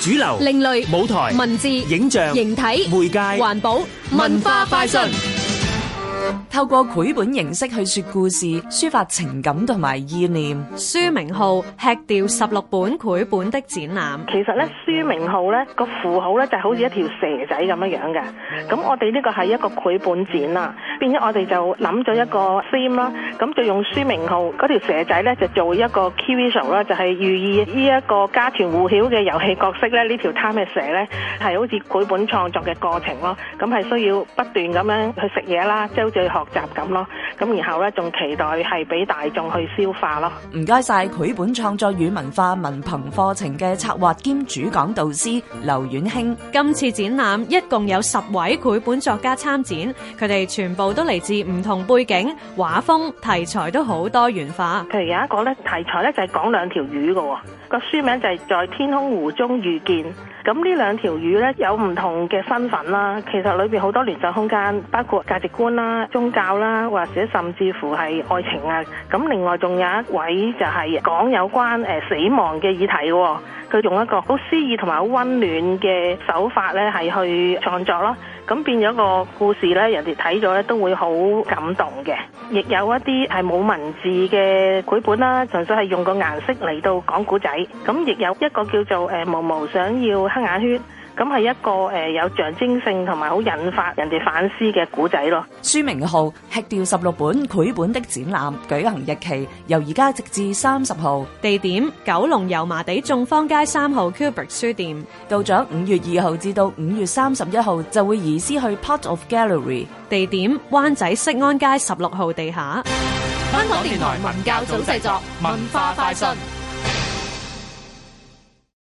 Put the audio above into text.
主流、另類、舞台、文字、影像、形體、媒介、環保、文化、快訊。透過繪本形式去說故事、抒發情感同埋意念。書名號吃掉十六本繪本的展覽，其實咧，書名號咧個符號咧就好似一條蛇仔咁樣樣嘅。咁我哋呢個係一個繪本展啦，變咗我哋就諗咗一個 theme 啦，咁就用書名號嗰條蛇仔咧就做一個 key visual 啦，就係寓意呢一個家傳戶曉嘅遊戲角色咧呢條貪嘅蛇咧係好似繪本創作嘅過程咯，咁係需要不斷咁樣去食嘢啦，即去學習咁咯，咁然後咧仲期待係俾大眾去消化咯。唔該晒繪本創作與文化文憑課程嘅策劃兼主講導師劉遠興。今次展覽一共有十位繪本作家參展，佢哋全部都嚟自唔同背景，畫風題材都好多元化。譬如有一個咧題材咧就係講兩條魚嘅。個書名就係在天空湖中遇見，咁呢兩條魚呢，有唔同嘅身份啦。其實裏邊好多聯想空間，包括價值觀啦、宗教啦，或者甚至乎係愛情啊。咁另外仲有一位就係講有關誒死亡嘅議題，佢用一個好詩意同埋好溫暖嘅手法呢，係去創作咯。咁變咗個故事咧，人哋睇咗咧都會好感動嘅。亦有一啲係冇文字嘅繪本啦，純粹係用個顏色嚟到講故仔。咁亦有一個叫做誒、呃、毛毛想要黑眼圈。咁係一個誒有象徵性同埋好引發人哋反思嘅古仔咯。書名號《吃掉十六本繪本》的展覽舉行日期由而家直至三十號，地點九龍油麻地眾坊街三號 Kubrick 書店。到咗五月二號至到五月三十一號就會移師去 Part of Gallery，地點灣仔適安街十六號地下。香港電台文教組製作，文化快訊。